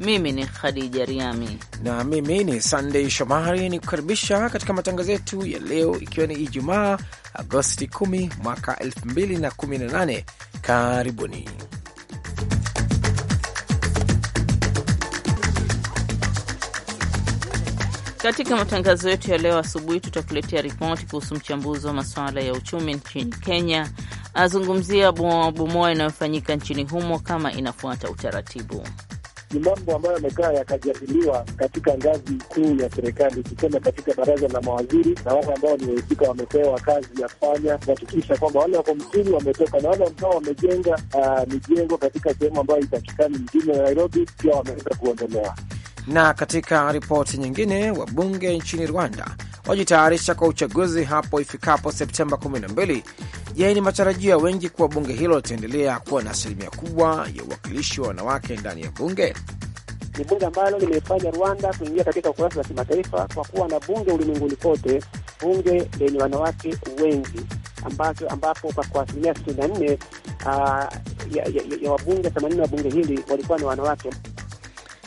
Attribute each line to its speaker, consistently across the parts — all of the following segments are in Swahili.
Speaker 1: mimi ni Khadija Riami
Speaker 2: na mimi ni Sandey Shomari, ni kukaribisha katika matangazo yetu ya leo, ikiwa ni Ijumaa Agosti 10 mwaka 2018. Karibuni
Speaker 1: katika matangazo yetu ya leo asubuhi. Tutakuletea ripoti kuhusu mchambuzi wa masuala ya uchumi nchini Kenya azungumzia bomoa bomoa inayofanyika nchini humo kama inafuata utaratibu
Speaker 3: ni mambo
Speaker 4: ambayo yamekaa yakajadiliwa katika ngazi kuu ya serikali, tuseme katika baraza la mawaziri, na wale ambao ni wahusika wamepewa kazi ya kufanya kuhakikisha kwamba wale wako mjini wametoka, na wale ambao wamejenga ah, mijengo katika sehemu ambayo itakikani mjini wa Nairobi pia wameweza kuondolewa.
Speaker 2: Na katika ripoti nyingine, wabunge nchini Rwanda wajitayarisha kwa uchaguzi hapo ifikapo Septemba 12. Je, ni matarajio ya wengi kuwa bunge hilo litaendelea kuwa na asilimia kubwa ya uwakilishi wa wanawake ndani ya bunge?
Speaker 5: Ni bunge ambalo limefanya Rwanda kuingia katika ukurasa za kimataifa kwa kuwa na bunge ulimwenguni kote, bunge lenye wanawake wengi ambacho ambapo kwa asilimia sitini na nne ah, ya wabunge themanini wa bunge hili walikuwa ni wanawake.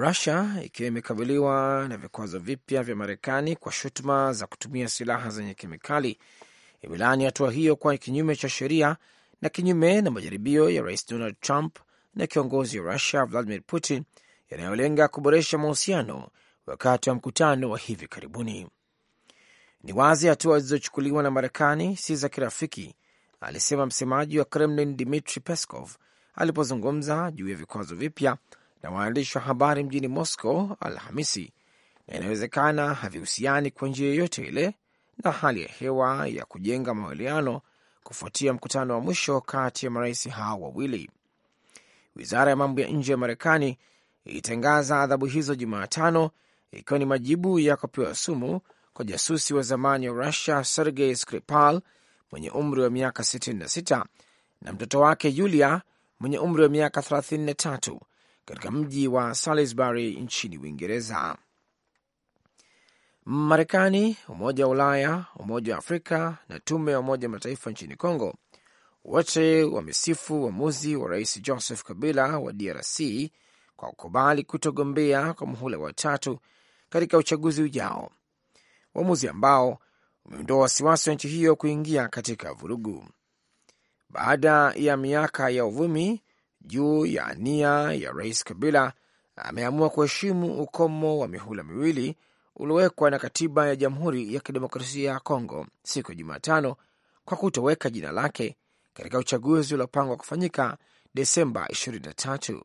Speaker 2: Rusia ikiwa imekabiliwa na vikwazo vipya vya Marekani kwa shutuma za kutumia silaha zenye kemikali imelaani hatua hiyo kwa kinyume cha sheria na kinyume na majaribio ya Rais Donald Trump na kiongozi wa Rusia Vladimir Putin yanayolenga kuboresha mahusiano wakati wa mkutano wa hivi karibuni. Ni wazi hatua zilizochukuliwa na Marekani si za kirafiki, alisema msemaji wa Kremlin Dmitri Peskov alipozungumza juu ya vikwazo vipya na waandishi wa habari mjini Moscow Alhamisi, na inawezekana havihusiani kwa njia yoyote ile na hali ya hewa ya kujenga maelewano kufuatia mkutano wa mwisho kati ya marais hao wawili. Wizara ya mambo ya nje ya Marekani ilitangaza adhabu hizo Jumatano, ikiwa ni majibu ya kupewa sumu kwa jasusi wa zamani wa Rusia Sergei Skripal mwenye umri wa miaka 66 na mtoto wake Yulia mwenye umri wa miaka katika mji wa Salisbury nchini Uingereza. Marekani, Umoja wa Ulaya, Umoja wa Afrika na Tume ya Umoja wa Mataifa nchini congo wote wamesifu uamuzi wa, wa Rais Joseph Kabila wa DRC kwa kukubali kutogombea kwa muhula wa tatu katika uchaguzi ujao, uamuzi ambao umeondoa wasiwasi wa nchi hiyo kuingia katika vurugu. Baada ya miaka ya uvumi juu ya nia ya Rais Kabila, ameamua kuheshimu ukomo wa mihula miwili uliowekwa na katiba ya Jamhuri ya Kidemokrasia ya Kongo siku ya Jumatano kwa kutoweka jina lake katika uchaguzi uliopangwa kufanyika Desemba 23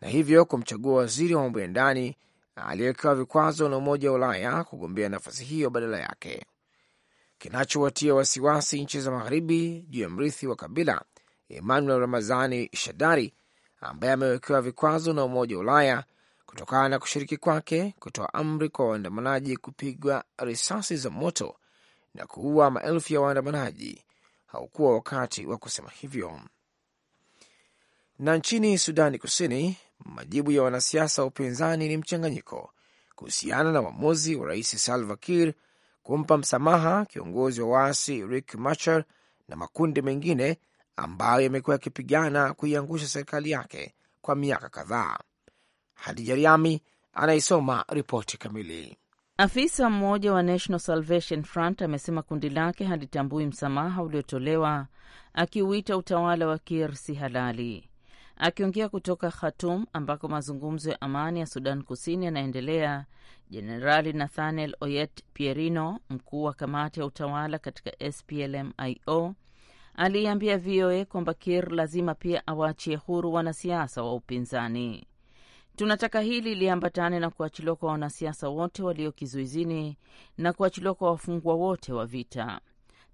Speaker 2: na hivyo kumchagua waziri wa mambo ya ndani aliyewekewa vikwazo na Umoja wa Ulaya kugombea nafasi hiyo badala yake. Kinachowatia wasiwasi nchi za magharibi juu ya mrithi wa Kabila Emmanuel Ramazani Shadari ambaye amewekewa vikwazo na Umoja wa Ulaya kutokana na kushiriki kwake kutoa amri kwa waandamanaji kupigwa risasi za moto na kuua maelfu ya waandamanaji haukuwa wakati wa kusema hivyo. Na nchini Sudani Kusini, majibu ya wanasiasa wa upinzani ni mchanganyiko kuhusiana na uamuzi wa Rais Salva Kiir kumpa msamaha kiongozi wa waasi Riek Machar na makundi mengine ambayo yamekuwa yakipigana kuiangusha serikali yake kwa miaka kadhaa. Hadija Riami anaisoma ripoti kamili.
Speaker 1: Afisa mmoja wa National Salvation Front amesema kundi lake halitambui msamaha uliotolewa, akiuita utawala wa Kiir si halali. Akiongea kutoka Khartoum ambako mazungumzo ya amani ya Sudan Kusini yanaendelea, Jenerali Nathaniel Oyet Pierino, mkuu wa kamati ya utawala katika SPLMIO, aliambia VOA kwamba kir lazima pia awaachie huru wanasiasa wa upinzani. Tunataka hili liambatane na kuachiliwa kwa wanasiasa wote walio kizuizini na kuachiliwa kwa wafungwa wote wa vita.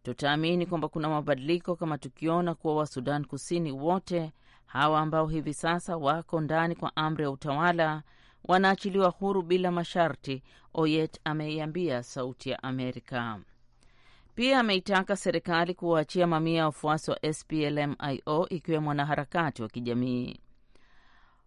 Speaker 1: Tutaamini kwamba kuna mabadiliko kama tukiona kuwa Wasudan Kusini wote hawa ambao hivi sasa wako ndani kwa amri ya utawala wanaachiliwa huru bila masharti, Oyet ameiambia Sauti ya Amerika. Pia ameitaka serikali kuwaachia mamia ya wafuasi wa splmio io ikiwemo wanaharakati wa kijamii.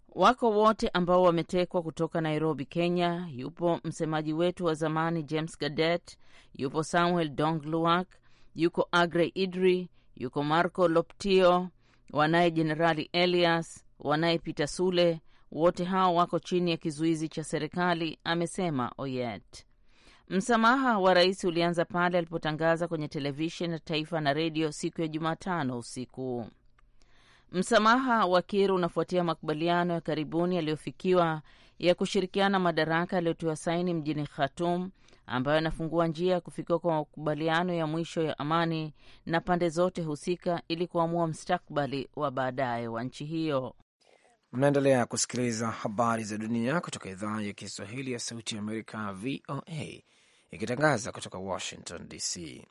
Speaker 1: Wako wote ambao wametekwa kutoka Nairobi, Kenya. Yupo msemaji wetu wa zamani James Gadet, yupo Samuel Dongluak, yuko Agre Idri, yuko Marco Loptio, wanaye Jenerali Elias, wanaye Peter Sule. Wote hao wako chini ya kizuizi cha serikali, amesema Oyet. Msamaha wa rais ulianza pale alipotangaza kwenye televisheni ya taifa na redio siku ya Jumatano usiku. Msamaha wa kir unafuatia makubaliano ya karibuni yaliyofikiwa ya kushirikiana madaraka yaliyotiwa saini mjini Khartoum ambayo yanafungua njia ya kufikiwa kwa makubaliano ya mwisho ya amani na pande zote husika ili kuamua mstakbali wa baadaye wa nchi hiyo.
Speaker 2: Mnaendelea kusikiliza habari za dunia kutoka idhaa ya Kiswahili ya Sauti ya Amerika, VOA, ikitangaza kutoka Washington DC.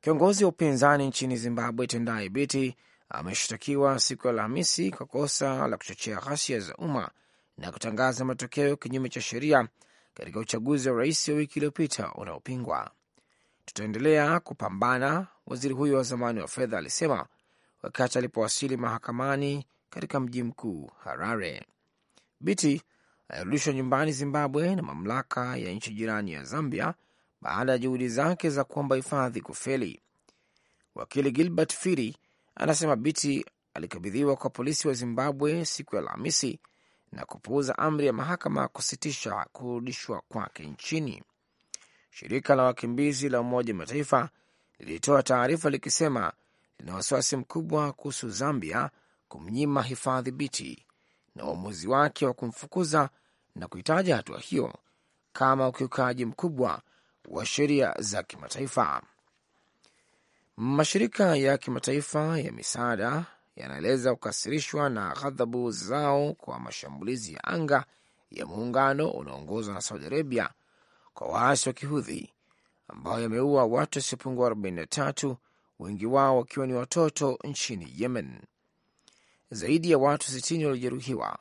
Speaker 2: Kiongozi wa upinzani nchini Zimbabwe Tendai Biti ameshtakiwa siku ya Alhamisi kwa kosa la kuchochea ghasia za umma na kutangaza matokeo kinyume cha sheria katika uchaguzi wa rais wa wiki iliyopita unaopingwa. Tutaendelea kupambana, waziri huyo wa zamani wa fedha alisema wakati alipowasili mahakamani katika mji mkuu Harare. Biti alirudishwa nyumbani Zimbabwe na mamlaka ya nchi jirani ya Zambia baada ya juhudi zake za kuomba hifadhi kufeli. Wakili Gilbert Firi anasema Biti alikabidhiwa kwa polisi wa Zimbabwe siku ya Alhamisi na kupuuza amri ya mahakama kusitisha kurudishwa kwake nchini. Shirika la wakimbizi la Umoja Mataifa lilitoa taarifa likisema lina wasiwasi mkubwa kuhusu Zambia kumnyima hifadhi Biti na uamuzi wake wa kumfukuza na kuitaja hatua hiyo kama ukiukaji mkubwa wa sheria za kimataifa. Mashirika ya kimataifa ya misaada yanaeleza kukasirishwa na ghadhabu zao kwa mashambulizi ya anga ya muungano unaoongozwa na Saudi Arabia kwa waasi wa Kihudhi ambayo yameua watu wasiopungua 43 wengi wao wakiwa ni watoto nchini Yemen zaidi ya watu 60 waliojeruhiwa.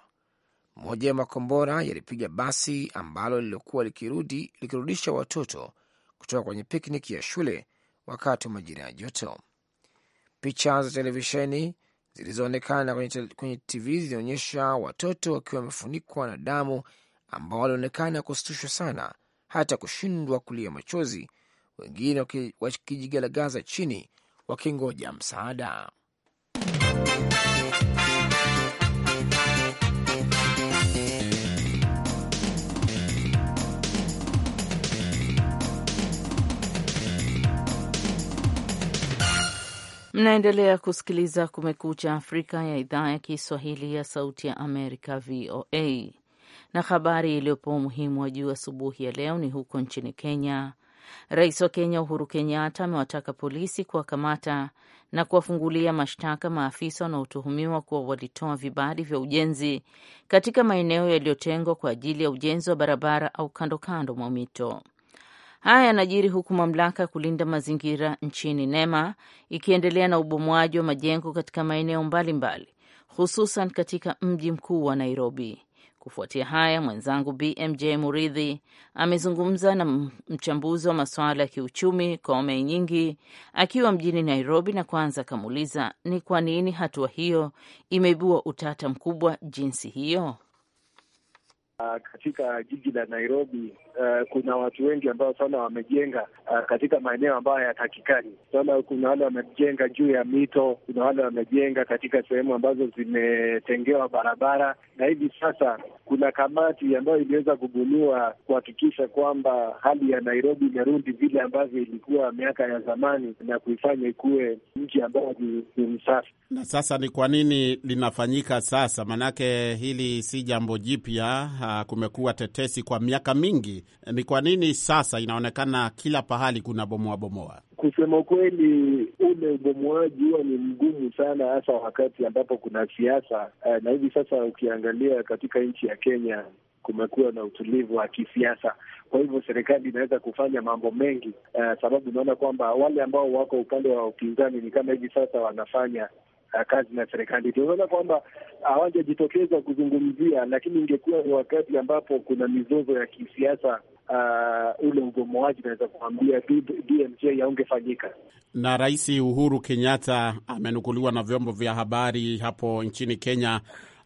Speaker 2: Moja ya makombora yalipiga basi ambalo lililokuwa likirudi likirudisha watoto kutoka kwenye piknik ya shule wakati wa majira ya joto. Picha za televisheni zilizoonekana kwenye TV zinaonyesha watoto wakiwa wamefunikwa na damu, ambao walionekana kustushwa sana hata kushindwa kulia machozi, wengine wakijigalagaza chini wakingoja msaada.
Speaker 1: Mnaendelea kusikiliza Kumekucha Afrika ya idhaa ya Kiswahili ya Sauti ya Amerika, VOA. Na habari iliyopo umuhimu wa juu asubuhi ya leo ni huko nchini Kenya. Rais wa Kenya Uhuru Kenyatta amewataka polisi kuwakamata na kuwafungulia mashtaka maafisa wanaotuhumiwa kuwa walitoa vibali vya ujenzi katika maeneo yaliyotengwa kwa ajili ya ujenzi wa barabara au kando kando mwa mito. Haya yanajiri huku mamlaka ya kulinda mazingira nchini NEMA ikiendelea na ubomwaji wa majengo katika maeneo mbalimbali, hususan katika mji mkuu wa Nairobi. Kufuatia haya, mwenzangu BMJ Muridhi amezungumza na mchambuzi wa masuala ya kiuchumi Kome Nyingi akiwa mjini Nairobi, na kwanza akamuuliza ni kwa nini hatua hiyo imeibua utata mkubwa jinsi hiyo.
Speaker 4: Uh, katika jiji la Nairobi uh, kuna watu wengi ambao sana wamejenga uh, katika maeneo ambayo hayatakikani sana. Kuna wale wamejenga juu ya mito, kuna wale wamejenga katika sehemu ambazo zimetengewa barabara, na hivi sasa kuna kamati ambayo iliweza kubuniwa kuhakikisha kwamba hali ya Nairobi imerudi vile ambavyo ilikuwa miaka ya zamani na kuifanya ikuwe nchi ambayo ni, ni msafi.
Speaker 3: Na sasa ni kwa nini linafanyika sasa? Maanake hili si jambo jipya, kumekuwa tetesi kwa miaka mingi. Ni kwa nini sasa inaonekana kila pahali kuna bomoa bomoa?
Speaker 4: Kusema kweli ule ubomoaji huwa ni mgumu sana, hasa wakati ambapo kuna siasa eh, na hivi sasa ukiangalia katika nchi ya Kenya kumekuwa na utulivu wa kisiasa, kwa hivyo serikali inaweza kufanya mambo mengi uh, sababu unaona kwamba wale ambao wako upande wa upinzani ni kama hivi sasa wanafanya eh, kazi na serikali. Tunaona kwamba hawajajitokeza kuzungumzia, lakini ingekuwa ni wakati ambapo kuna mizozo ya kisiasa uh, ule ugomoaji naweza kuambia DMJ haungefanyika.
Speaker 3: Na Rais Uhuru Kenyatta amenukuliwa na vyombo vya habari hapo nchini Kenya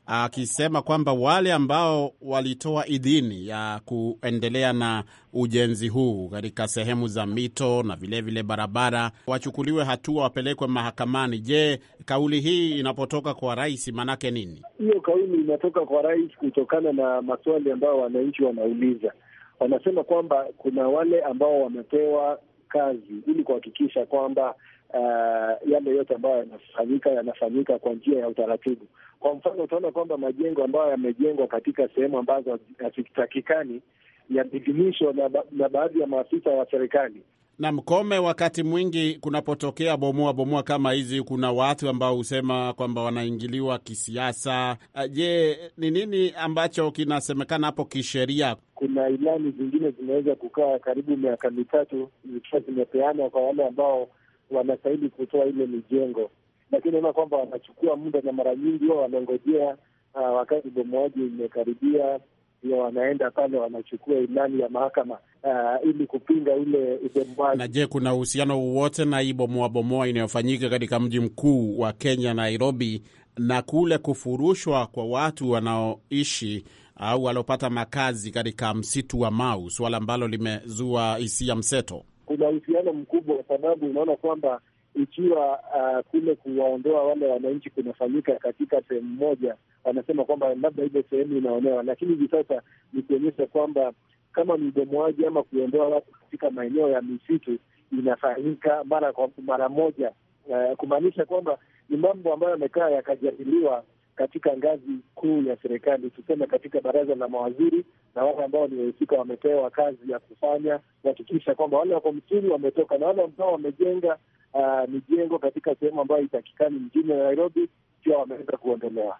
Speaker 3: akisema uh, kwamba wale ambao walitoa idhini ya kuendelea na ujenzi huu katika sehemu za mito na vilevile vile barabara wachukuliwe hatua, wapelekwe mahakamani. Je, kauli hii inapotoka kwa rais maanake nini?
Speaker 4: Hiyo kauli inatoka kwa rais kutokana na maswali ambayo wananchi wanauliza wanasema kwamba kuna wale ambao wamepewa kazi ili kuhakikisha kwamba uh, yale yote ambayo yanafanyika yanafanyika kwa njia ya
Speaker 3: utaratibu.
Speaker 4: Kwa mfano, utaona kwamba majengo ambayo yamejengwa katika sehemu ambazo hazitakikani yaidhinishwa na, ba na baadhi ya maafisa wa serikali
Speaker 3: na Mkome, wakati mwingi kunapotokea bomoa bomoa kama hizi, kuna watu ambao husema kwamba wanaingiliwa kisiasa. Ah, je, ni nini ambacho kinasemekana hapo kisheria?
Speaker 4: Kuna ilani zingine zinaweza kukaa karibu miaka mitatu zikiwa zimepeanwa kwa wale ambao wanastahili kutoa ile mijengo, lakini unaona kwamba wanachukua muda na mara nyingi huwa wanangojea uh, wakati bomoaji imekaribia ndio wanaenda pale wanachukua ilani ya mahakama uh, ili kupinga ule ubembwaji. Na je,
Speaker 3: kuna uhusiano wowote na hii bomoa bomoa inayofanyika katika mji mkuu wa Kenya, Nairobi, na kule kufurushwa kwa watu wanaoishi au waliopata makazi katika msitu wa Mau, suala ambalo limezua hisia mseto?
Speaker 4: Kuna uhusiano mkubwa, kwa sababu unaona kwamba ikiwa uh, kule kuwaondoa wale wananchi kunafanyika katika sehemu moja, wanasema kwamba labda ile sehemu inaonewa, lakini hivi sasa ni kuonyesha kwamba kama migomoaji ama kuondoa watu katika maeneo ya misitu inafanyika mara kwa mara moja, uh, kumaanisha kwamba ni mambo ambayo yamekaa yakajadiliwa katika ngazi kuu ya serikali, tuseme katika baraza la mawaziri, na wale ambao ni wahusika wamepewa kazi ya kufanya kuhakikisha kwamba wale wako msituni wametoka na wale ambao wamejenga uh, mijengo katika sehemu ambayo haitakikani mjini Nairobi ikiwa wameweza kuondolewa.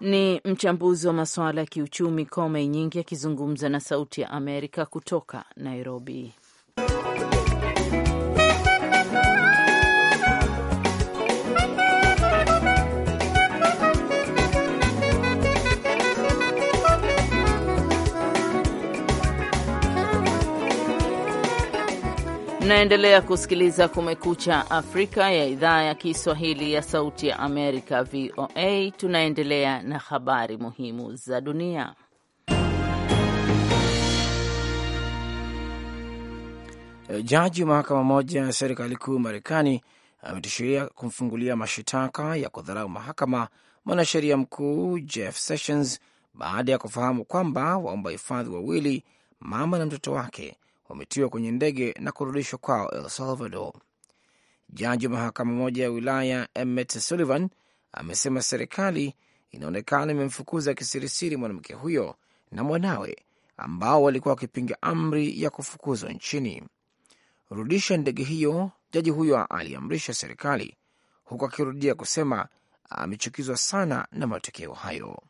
Speaker 1: Ni mchambuzi wa masuala ya kiuchumi Kome Nyingi akizungumza na Sauti ya Amerika kutoka Nairobi. Mnaendelea kusikiliza Kumekucha Afrika ya idhaa ya Kiswahili ya Sauti ya Amerika, VOA. Tunaendelea na habari muhimu za dunia.
Speaker 2: Jaji wa mahakama moja ya serikali kuu Marekani ametishiria kumfungulia mashitaka ya kudharau mahakama mwanasheria mkuu Jeff Sessions baada ya kufahamu kwamba waomba hifadhi wawili, mama na mtoto wake, wametiwa kwenye ndege na kurudishwa kwao El Salvador. Jaji wa mahakama moja ya wilaya Emmet Sullivan amesema serikali inaonekana imemfukuza kisirisiri mwanamke huyo na mwanawe ambao walikuwa wakipinga amri ya kufukuzwa nchini. Rudisha ndege hiyo, jaji huyo aliamrisha serikali, huku akirudia kusema amechukizwa sana na matokeo hayo.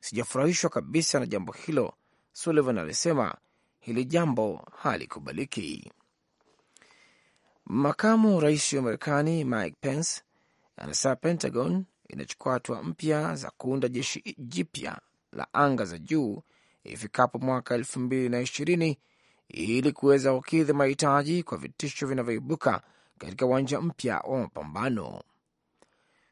Speaker 2: Sijafurahishwa kabisa na jambo hilo, Sullivan alisema hili jambo halikubaliki. Makamu rais wa Marekani Mike Pence anasema Pentagon inachukua hatua mpya za kuunda jeshi jipya la anga za juu ifikapo mwaka elfu mbili na ishirini ili kuweza kukidhi mahitaji kwa vitisho vinavyoibuka katika uwanja mpya wa mapambano.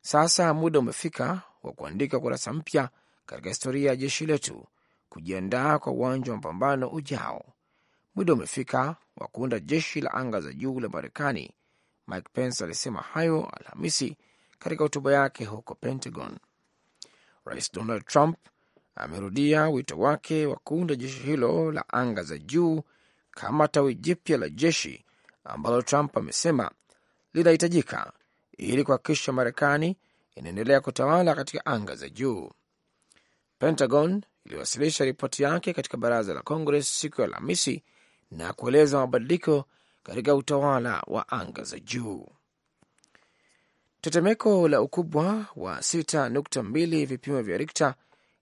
Speaker 2: Sasa muda umefika wa kuandika kurasa mpya katika historia ya jeshi letu, kujiandaa kwa uwanja wa mapambano ujao. Muda umefika wa kuunda jeshi la anga za juu la Marekani. Mike Pence alisema hayo Alhamisi katika hotuba yake huko Pentagon. Rais Donald Trump amerudia wito wake wa kuunda jeshi hilo la anga za juu kama tawi jipya la jeshi ambalo Trump amesema linahitajika ili kuhakikisha Marekani inaendelea kutawala katika anga za juu. Pentagon iliwasilisha ripoti yake katika baraza la Congress siku ya Alhamisi na kueleza mabadiliko katika utawala wa anga za juu. Tetemeko la ukubwa wa 6.2 vipimo vya Rikta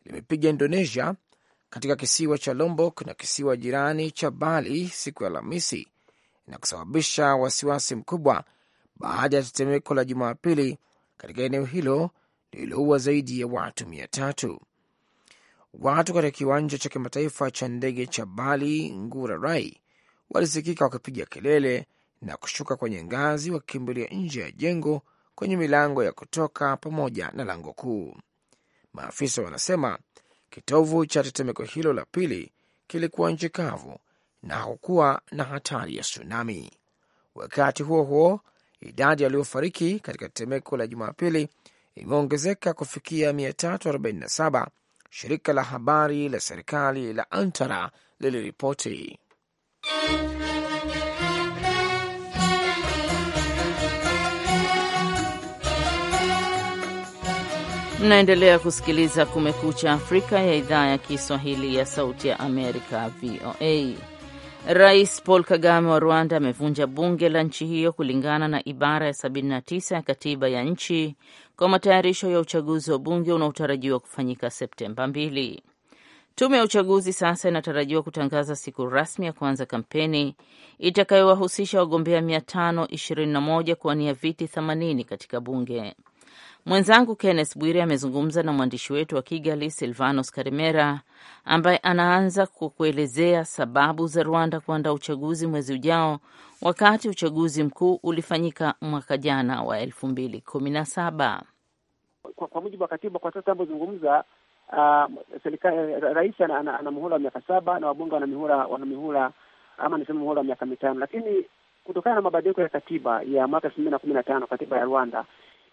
Speaker 2: limepiga Indonesia katika kisiwa cha Lombok na kisiwa jirani cha Bali siku ya Alhamisi na kusababisha wasiwasi mkubwa baada ya tetemeko la Jumapili katika eneo hilo lililoua zaidi ya watu mia tatu. Watu katika kiwanja cha kimataifa cha ndege cha Bali Ngura Rai walisikika wakipiga kelele na kushuka kwenye ngazi wakikimbilia nje ya jengo kwenye milango ya kutoka pamoja na lango kuu. Maafisa wanasema kitovu cha tetemeko hilo la pili kilikuwa nchi kavu na hakukuwa na hatari ya tsunami. Wakati huo huo, idadi waliofariki katika tetemeko la Jumapili imeongezeka kufikia 347 shirika la habari la serikali la antara liliripoti.
Speaker 1: Mnaendelea kusikiliza Kumekucha Afrika ya idhaa ya Kiswahili ya Sauti ya Amerika, VOA. Rais Paul Kagame wa Rwanda amevunja bunge la nchi hiyo kulingana na ibara ya 79 ya katiba ya nchi kwa matayarisho ya uchaguzi wa bunge unaotarajiwa kufanyika Septemba mbili. Tume ya uchaguzi sasa inatarajiwa kutangaza siku rasmi ya kuanza kampeni itakayowahusisha wagombea 521 kuwania viti 80 katika bunge. Mwenzangu Kenneth Bwire amezungumza na mwandishi wetu wa Kigali, Silvanos Karimera, ambaye anaanza kwa kuelezea sababu za Rwanda kuandaa uchaguzi mwezi ujao wakati uchaguzi mkuu ulifanyika mwaka jana wa elfu mbili kumi na saba. Kwa,
Speaker 5: kwa mujibu wa katiba kwa sasa anavyozungumza, uh, ah, serikali rais ana, ana, ana muhula wa miaka saba na wabunge wana mihula wana mihula ama nisema muhula wa miaka mitano, lakini kutokana na mabadiliko ya katiba ya mwaka elfu mbili na kumi na tano katiba ya Rwanda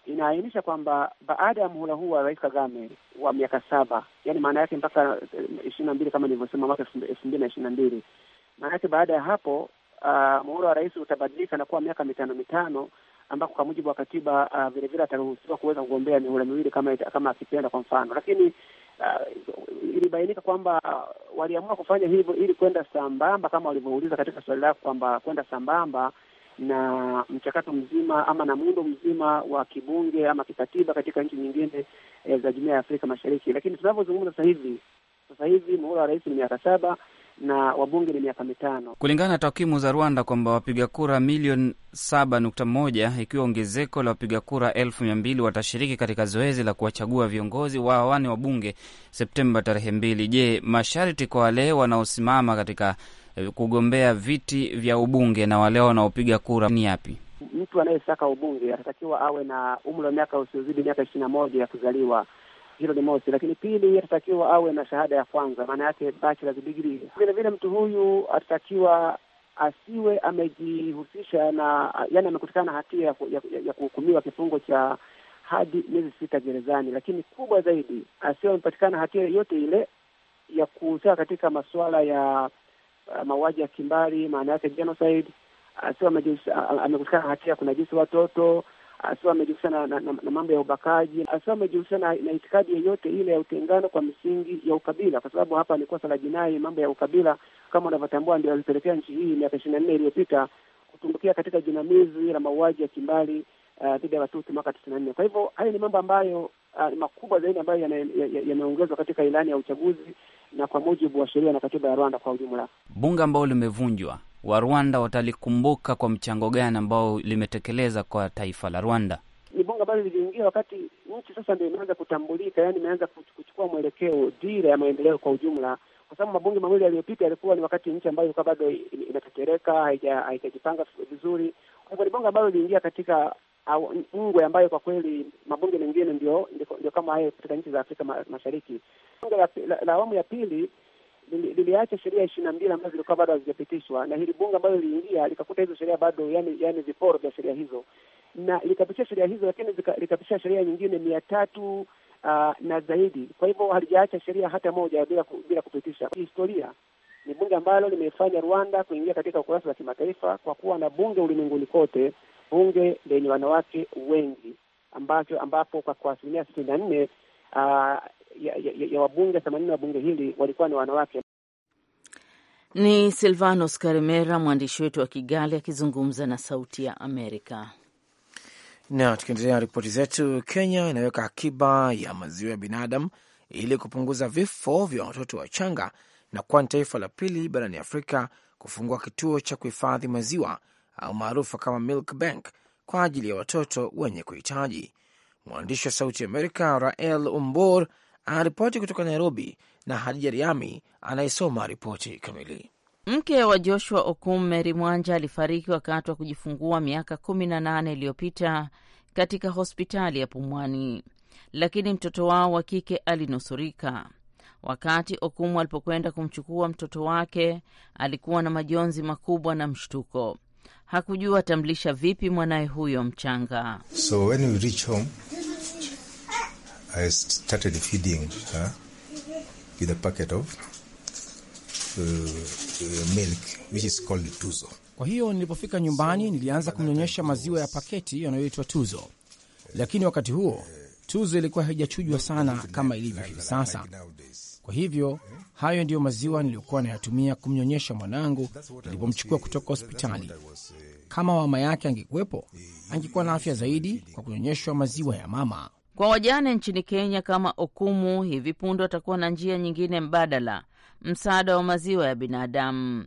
Speaker 5: inaainisha kwamba baada ya muhula huu wa rais Kagame wa miaka saba, yani maana yake mpaka ishirini na mbili kama nilivyosema, mwaka elfu mbili na ishirini na mbili, maana yake baada ya hapo uh, muhula wa rais utabadilika na kuwa miaka mitano mitano, ambako kwa mujibu wa katiba uh, vilevile ataruhusiwa kuweza kugombea mihula miwili kama kama akipenda, kwa mfano. Lakini uh, ilibainika kwamba uh, waliamua kufanya hivyo ili kwenda sambamba, kama walivyouliza katika swali lako, kwamba kwenda sambamba na mchakato mzima ama na muundo mzima wa kibunge ama kikatiba katika nchi nyingine e, za jumuiya ya Afrika Mashariki. Lakini tunavyozungumza sasa hivi sasa hivi muhula wa rais ni miaka saba na wabunge ni miaka mitano,
Speaker 6: kulingana na takwimu za Rwanda kwamba wapiga kura milioni saba nukta moja ikiwa ongezeko la wapiga kura elfu mia mbili watashiriki katika zoezi la kuwachagua viongozi wa awani wa bunge Septemba tarehe mbili. Je, masharti kwa wale wanaosimama katika eh, kugombea viti vya ubunge na wale wanaopiga kura ni
Speaker 1: yapi?
Speaker 5: Mtu anayesaka ubunge atatakiwa awe na umri wa miaka usiozidi miaka ishirini na moja ya kuzaliwa hilo ni mosi, lakini pili, atatakiwa awe na shahada ya kwanza, maana yake bachelor's degree. Vile vile mtu huyu atatakiwa asiwe amejihusisha na yani, amekutikana hatia ya, ya, ya kuhukumiwa kifungo cha hadi miezi sita gerezani, lakini kubwa zaidi, asiwe amepatikana hatia yoyote ile ya kuhusika katika masuala ya uh, mauaji ya kimbari, maana yake genocide, asiwe amekutikana hatia kuna jinsi watoto asiwe amejihusisha na, na, na, na mambo ya ubakaji, asiwe amejihusisha na, na itikadi yeyote ile ya utengano kwa misingi ya ukabila, kwa sababu hapa ni kosa la jinai. Mambo ya ukabila kama unavyotambua ndio yalipelekea nchi hii miaka ishirini na nne iliyopita kutumbukia katika jinamizi la mauaji ya kimbali uh, dhidi uh, ya Watuti mwaka tisini na nne. Kwa hivyo hayo ni mambo ambayo uh, makubwa zaidi ambayo yameongezwa ya, ya katika ilani ya uchaguzi na kwa mujibu wa sheria na katiba ya Rwanda kwa ujumla.
Speaker 6: Bunge ambao limevunjwa wa Rwanda watalikumbuka kwa mchango gani ambao limetekeleza kwa taifa la Rwanda?
Speaker 5: Ni bonge ambalo liliingia wakati nchi sasa ndio imeanza kutambulika, yaani imeanza kuchukua mwelekeo, dira ya maendeleo kwa ujumla, kwa sababu mabunge mawili yaliyopita yalikuwa ni wakati nchi ambayo ilikuwa bado inatetereka, haijajipanga vizuri. Kwa hivyo ni bonge ambalo liliingia katika ngwe ambayo kwa kweli mabunge mengine ndio ndio kama hayo katika nchi za Afrika Mashariki. Bunge la awamu ya pili liliacha sheria ishirini na mbili ambazo zilikuwa bado hazijapitishwa, na hili bunge ambalo liliingia likakuta hizo sheria bado, yani yani viporo vya sheria hizo, na likapitisha sheria hizo, lakini likapitisha sheria nyingine mia tatu uh, na zaidi. Kwa hivyo halijaacha sheria hata moja bila bila kupitisha. Historia ni bunge ambalo limefanya Rwanda kuingia katika ukurasa wa kimataifa kwa kuwa na bunge ulimwenguni kote, bunge lenye wanawake wengi ambacho ambapo kwa asilimia sitini na nne ah, ya, ya, ya wabunge themanini wa bunge hili walikuwa ni wanawake.
Speaker 1: Ni Silvanos karimera mwandishi wetu wa Kigali, akizungumza na Sauti ya Amerika.
Speaker 2: Na tukiendelea ripoti zetu, Kenya inaweka akiba ya maziwa ya binadamu ili kupunguza vifo vya watoto wachanga na kuwa ni taifa la pili barani Afrika kufungua kituo cha kuhifadhi maziwa au maarufu kama milk bank kwa ajili ya watoto wenye kuhitaji. Mwandishi wa Sauti ya Amerika Rael Umbor anaripoti kutoka Nairobi na Hadija Riami anayesoma ripoti kamili.
Speaker 1: Mke wa Joshua Okum, Meri Mwanja, alifariki wakati wa kujifungua miaka kumi na nane iliyopita katika hospitali ya Pumwani, lakini mtoto wao wa kike alinusurika. Wakati Okumu alipokwenda kumchukua mtoto wake, alikuwa na majonzi makubwa na mshtuko. Hakujua atamlisha vipi mwanaye huyo mchanga.
Speaker 6: So when we reach home,
Speaker 3: I started feeding her with a packet of
Speaker 2: uh, uh, milk which is called Tuzo. Kwa hiyo nilipofika nyumbani nilianza kumnyonyesha maziwa ya paketi yanayoitwa Tuzo, lakini wakati huo Tuzo ilikuwa haijachujwa sana kama ilivyo hivi sasa. Kwa hivyo hayo ndiyo maziwa niliyokuwa nayatumia kumnyonyesha mwanangu nilipomchukua kutoka hospitali. Kama mama yake angekuwepo, angekuwa na afya zaidi kwa kunyonyeshwa maziwa ya mama.
Speaker 1: Kwa wajane nchini Kenya kama Okumu, hivi punde watakuwa na njia nyingine mbadala, msaada wa maziwa ya binadamu.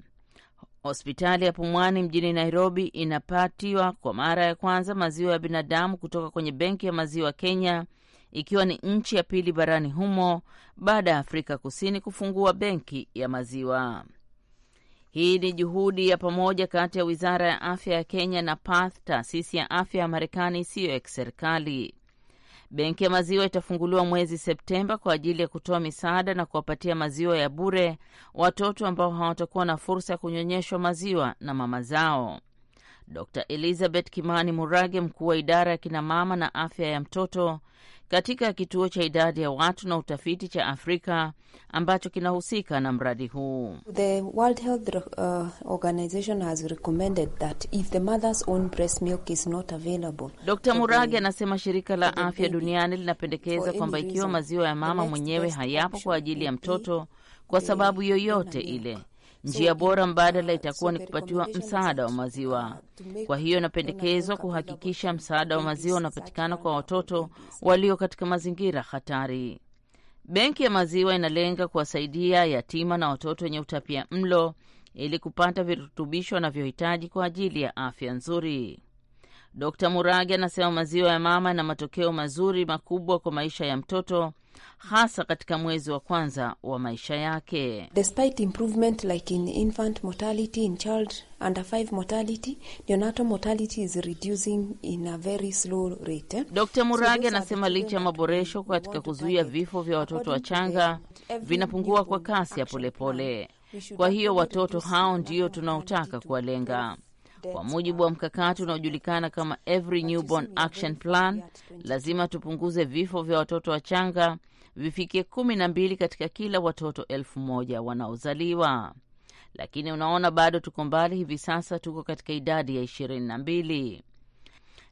Speaker 1: Hospitali ya Pumwani mjini Nairobi inapatiwa kwa mara ya kwanza maziwa ya binadamu kutoka kwenye benki ya maziwa Kenya, ikiwa ni nchi ya pili barani humo baada ya Afrika Kusini kufungua benki ya maziwa. Hii ni juhudi ya pamoja kati ya wizara ya afya ya Kenya na PATH, taasisi ya afya ya Marekani isiyo ya kiserikali. Benki ya maziwa itafunguliwa mwezi Septemba kwa ajili ya kutoa misaada na kuwapatia maziwa ya bure watoto ambao hawatakuwa na fursa ya kunyonyeshwa maziwa na mama zao. Dr Elizabeth Kimani Murage, mkuu wa idara ya kinamama na afya ya mtoto katika kituo cha idadi ya watu na utafiti cha Afrika ambacho kinahusika na mradi huu. The World Health uh, Organization has recommended that if the mother's own breast milk is not available. Dr. Murage anasema shirika la afya duniani linapendekeza kwamba ikiwa maziwa ya mama mwenyewe hayapo kwa ajili ya mtoto kwa sababu yoyote ile Njia bora mbadala itakuwa ni kupatiwa msaada wa maziwa. Ah, kwa hiyo inapendekezwa kuhakikisha msaada wa maziwa unapatikana kwa watoto walio katika mazingira hatari. Benki ya maziwa inalenga kuwasaidia yatima na watoto wenye utapia mlo ili kupata virutubisho wanavyohitaji kwa ajili ya afya nzuri. Dkt Murage anasema maziwa ya mama yana matokeo mazuri makubwa kwa maisha ya mtoto hasa katika mwezi wa kwanza wa maisha yake. Despite improvement like in infant mortality, in child under 5 mortality, neonatal mortality is reducing in a very slow rate. Eh? Dr. Murage anasema licha ya maboresho katika kuzuia vifo vya watoto wachanga vinapungua kwa kasi ya polepole pole. Kwa hiyo watoto hao ndio tunaotaka kuwalenga. Kwa mujibu wa mkakati unaojulikana kama Every Newborn Action Plan, lazima tupunguze vifo vya watoto wachanga vifikie kumi na mbili katika kila watoto elfu moja wanaozaliwa. Lakini unaona, bado tuko mbali. Hivi sasa tuko katika idadi ya ishirini na mbili.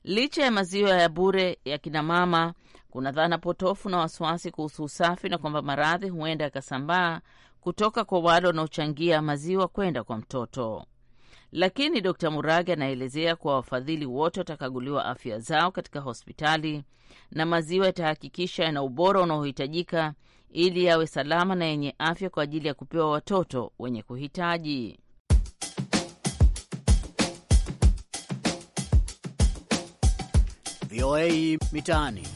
Speaker 1: Licha ya maziwa ya bure ya kinamama, kuna dhana potofu na wasiwasi kuhusu usafi na kwamba maradhi huenda yakasambaa kutoka kwa wale wanaochangia maziwa kwenda kwa mtoto. Lakini d Murage anaelezea kuwa wafadhili wote watakaguliwa afya zao katika hospitali na maziwa yatahakikisha yana ubora unaohitajika ili yawe salama na yenye afya kwa ajili ya kupewa watoto wenye kuhitaji. VOA Mitaani.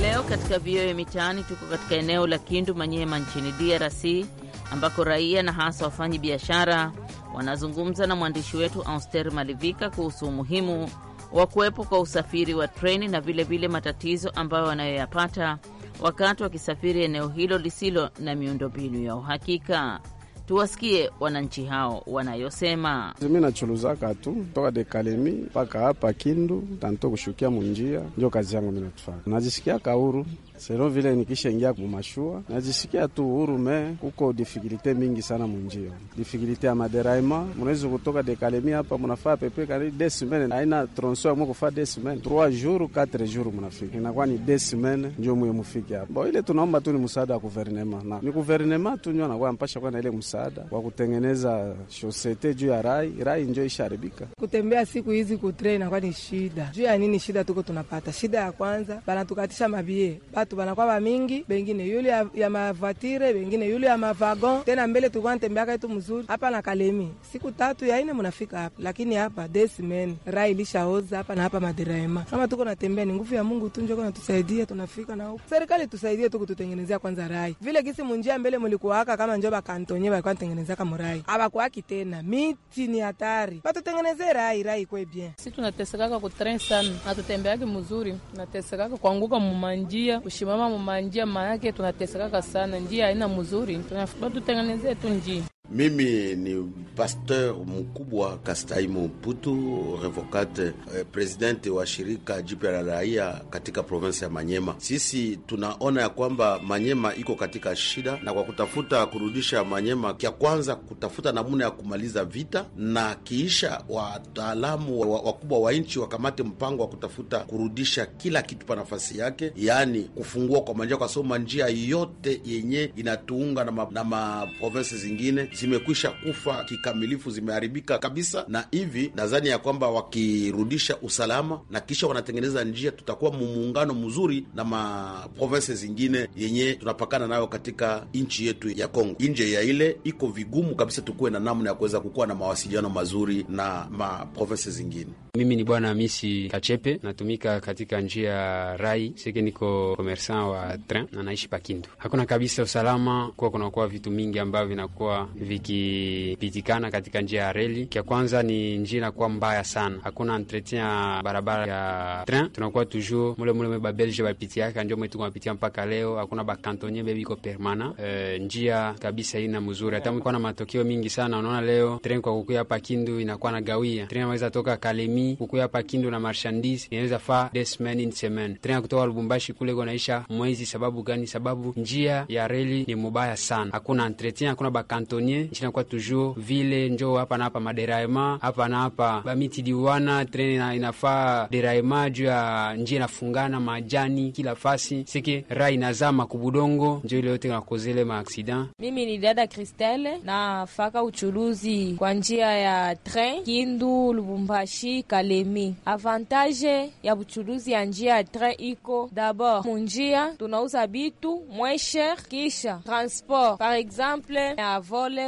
Speaker 1: Leo katika VOA Mitaani tuko katika eneo la Kindu Manyema nchini DRC ambako raia na hasa wafanyi biashara wanazungumza na mwandishi wetu Auster Malivika kuhusu umuhimu wa kuwepo kwa usafiri wa treni na vilevile vile matatizo ambayo wanayoyapata wakati wakisafiri eneo hilo lisilo na miundombinu ya uhakika. Tuwasikie wananchi hao wanayosema.
Speaker 3: Mi nachuluzaka tu toka Dekalemi mpaka hapa Kindu, tanto kushukia munjia, njio kazi yangu minatufaka, najisikia kauru selo vile nikishaingia mumashua najisikia tu huru, me kuko difikilite mingi sana munjio, difikilite ya maderaima, munaweza kutoka dekalemi hapa munafaa pepe kani de semaine, aina tronso yamwe kufa de semaine trois jours quatre jours munafika, inakuwa ni de semaine njo mwe mufiki hapa bo. Ile tunaomba tu ni msaada wa guvernema, na ni guvernema tu njo anakuwa mpasha kwa na ile msaada wa kutengeneza shosete juu ya rai
Speaker 2: rai njo isharibika.
Speaker 7: Kutembea siku hizi kutre inakuwa ni shida. Juu ya nini shida tuko tunapata? Shida ya kwanza banatukatisha mabie batu banakuwa bamingi, bengine yule ya, ya mavatire, bengine yule ya mavagon. Tena mbele tulikuwa natembeaka yetu mzuri hapa na Kalemi, siku tatu ya ine munafika hapa, lakini hapa desmen rai ilishaoza hapa na hapa madiraema. Kama tuko natembea ni nguvu ya Mungu tu njoko natusaidia, tunafika na huko. Serikali tusaidie tu kututengenezea kwanza rai, vile gisi munjia mbele mulikuwaka kama njo bakantonye balikuwa natengenezea kama rai, abakuaki tena. Miti ni hatari, batutengenezee rai, rai kwe bien. Si tunatesekaka kutren sana, hatutembeaki mzuri, natesekaka kuanguka mumanjia kushimama mumanjia, maanake tunatesekaka sana, njia haina mzuri, batutengenezee tu njia.
Speaker 3: Mimi ni pasteur mkubwa Kastaimu Putu Revokate, eh, presidenti wa shirika jipya la raia katika provinsi ya Manyema. Sisi tunaona ya kwamba Manyema iko katika shida, na kwa kutafuta kurudisha Manyema, kya kwanza kutafuta namuna ya kumaliza vita, na kiisha wataalamu wakubwa wa, wa nchi wakamate mpango wa kutafuta kurudisha kila kitu pa nafasi yake, yaani kufungua kwa manjia, kwa sababu njia yote yenye inatuunga na maprovensi zingine zimekwisha kufa kikamilifu, zimeharibika kabisa, na hivi nadhani ya kwamba wakirudisha usalama na kisha wanatengeneza njia, tutakuwa muungano mzuri na maprovense zingine yenye tunapakana nayo katika nchi yetu ya Kongo. Nje ya ile iko vigumu kabisa, tukuwe na namna ya kuweza kukuwa na mawasiliano
Speaker 6: mazuri na maprovense zingine. Mimi ni Bwana Misi Kachepe, natumika katika njia ya rai seke, niko komersan wa train na naishi Pakindu. Hakuna kabisa usalama kuwa kunakuwa vitu mingi ambavyo vinakuwa vikipitikana katika njia ya reli. Kya kwanza ni njia inakuwa mbaya sana, hakuna entretien ya barabara ya train, tunakuwa toujours mule mule babelge bapitiaka njo mwetu kunapitia mpaka leo, hakuna bakantonye bebiko permana. E, eh, njia kabisa ina mzuri, hata mkuwa na matokeo mingi sana. Unaona leo tren kwa kukuya hapa Kindu inakuwa na gawia, tren inaweza toka Kalemi kukuya hapa Kindu na marchandise inaweza fa des semaine in semaine, tren ya kutoka Lubumbashi kule naisha mwezi. Sababu gani? Sababu njia ya reli ni mubaya sana, hakuna entretien, hakuna bakantonie mwenye kwa tujur vile njo hapa na hapa maderaema hapa na hapa bamiti diwana treni inafaa deraema juu ya njia inafungana majani kila fasi sike rai nazama kubudongo njo ile yote nakozele maaksida.
Speaker 7: Mimi ni dada na nafaka uchuluzi kwa njia ya tren Kindu, Lubumbashi, Kalemi. Avantage ya buchuluzi ya njia ya tren iko dabord munjia tunauza bitu moins cher, kisha transport par exemple ya vole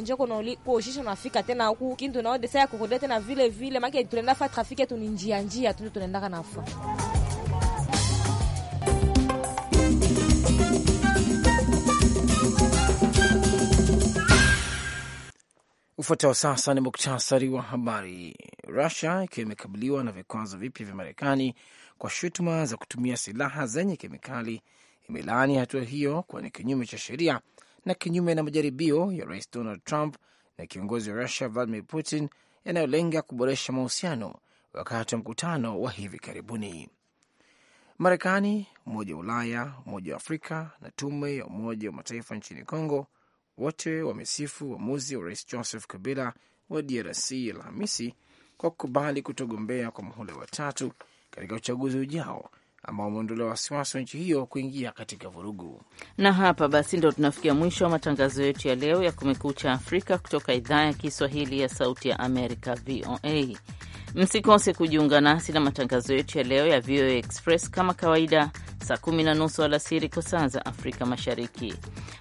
Speaker 7: ya njoko naolikoshisha nafika tena huku kintu nao desaya kukodia tena vile vile, maki tunaenda fa trafiki yetu ni njia njia tu tunaendaka nafa
Speaker 2: Ufuatao sasa ni muktasari wa habari. Rusia ikiwa imekabiliwa na vikwazo vipya vya Marekani kwa shutuma za kutumia silaha zenye kemikali, imelaani hatua hiyo kuwa ni kinyume cha sheria na kinyume na majaribio ya rais Donald Trump na kiongozi wa Russia Vladimir Putin yanayolenga kuboresha mahusiano wakati wa mkutano wa hivi karibuni. Marekani, Umoja wa Ulaya, Umoja wa Afrika na Tume ya Umoja wa Mataifa nchini congo wote wamesifu uamuzi wa rais Joseph Kabila wa DRC Alhamisi kwa kukubali kutogombea kwa muhula wa tatu katika uchaguzi ujao ambao wameondolewa wasiwasi wa nchi hiyo kuingia katika vurugu.
Speaker 1: Na hapa basi ndo tunafikia mwisho wa matangazo yetu ya leo ya Kumekucha Afrika kutoka idhaa ya Kiswahili ya Sauti ya Amerika, VOA. Msikose kujiunga nasi na matangazo yetu ya leo ya VOA Express kama kawaida, saa kumi na nusu alasiri kwa saa za Afrika Mashariki.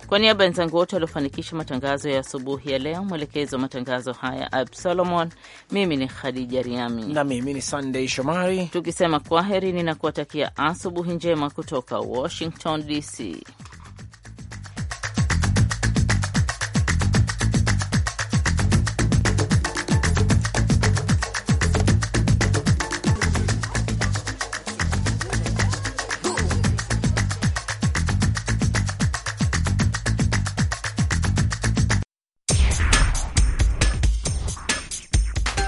Speaker 1: Kwa niaba ya wenzangu wote waliofanikisha matangazo ya asubuhi ya leo, mwelekezi wa matangazo haya Ab Solomon, mimi ni Khadija Riami na mimi ni Sandey Shomari, tukisema kwaheri, ninakuwatakia asubuhi njema kutoka Washington DC.